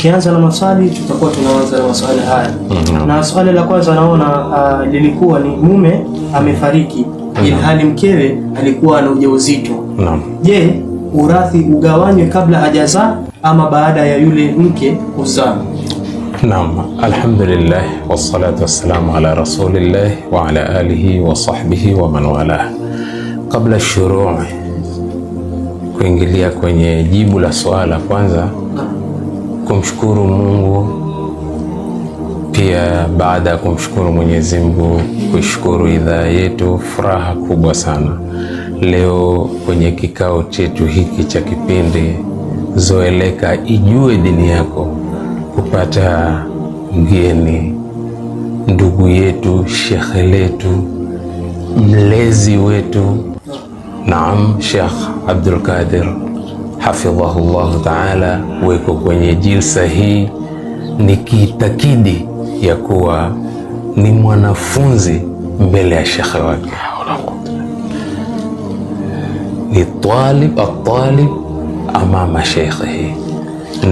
Kianza na maswali, tutakuwa tunaanza na maswali haya mm. Na swali la kwanza naona uh, lilikuwa ni mume amefariki mm. ilhali mkewe alikuwa na ujauzito mm. Je, urathi ugawanywe kabla hajazaa ama baada ya yule mke kuzaa? Naam, alhamdulillah wassalatu wassalamu ala rasulillah wa ala alihi wa sahbihi wa man wala. Kabla shuruu kuingilia kwenye jibu la swala kwanza kumshukuru Mungu pia. Baada ya kumshukuru Mwenyezi Mungu, kuishukuru idhaa yetu, furaha kubwa sana leo kwenye kikao chetu hiki cha kipindi Zoeleka Ijue Dini Yako, kupata mgeni ndugu yetu, shekhe letu, mlezi wetu, naam, Shekh Qadir hafidhahullahu taala weko kwenye jilsa hii nikiitakidi ya kuwa ni mwanafunzi mbele ya shekhe wake, ni talib atalib amama shekhehi,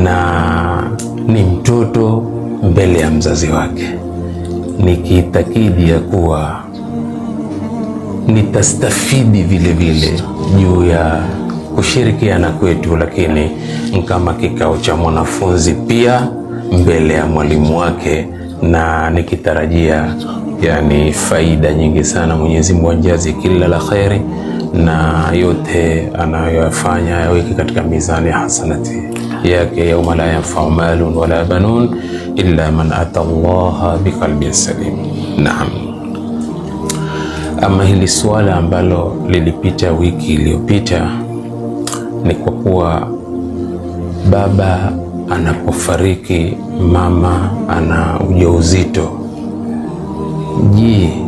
na ni mtoto mbele ya mzazi wake, nikiitakidi ya kuwa nitastafidi vilevile juu ya kushirikiana kwetu, lakini kama kikao cha mwanafunzi pia mbele ya mwalimu wake, na nikitarajia yani faida nyingi sana. Mwenyezi Mungu anjazi kila la kheri, na yote anayoyafanya yaweke katika mizani hasanati yake, yauma la yanfau malun wala banun illa man ata llaha biqalbin salim. Naam. Ama hili swala ambalo lilipita wiki iliyopita ni kwa kuwa baba anapofariki, mama ana ujauzito. Je,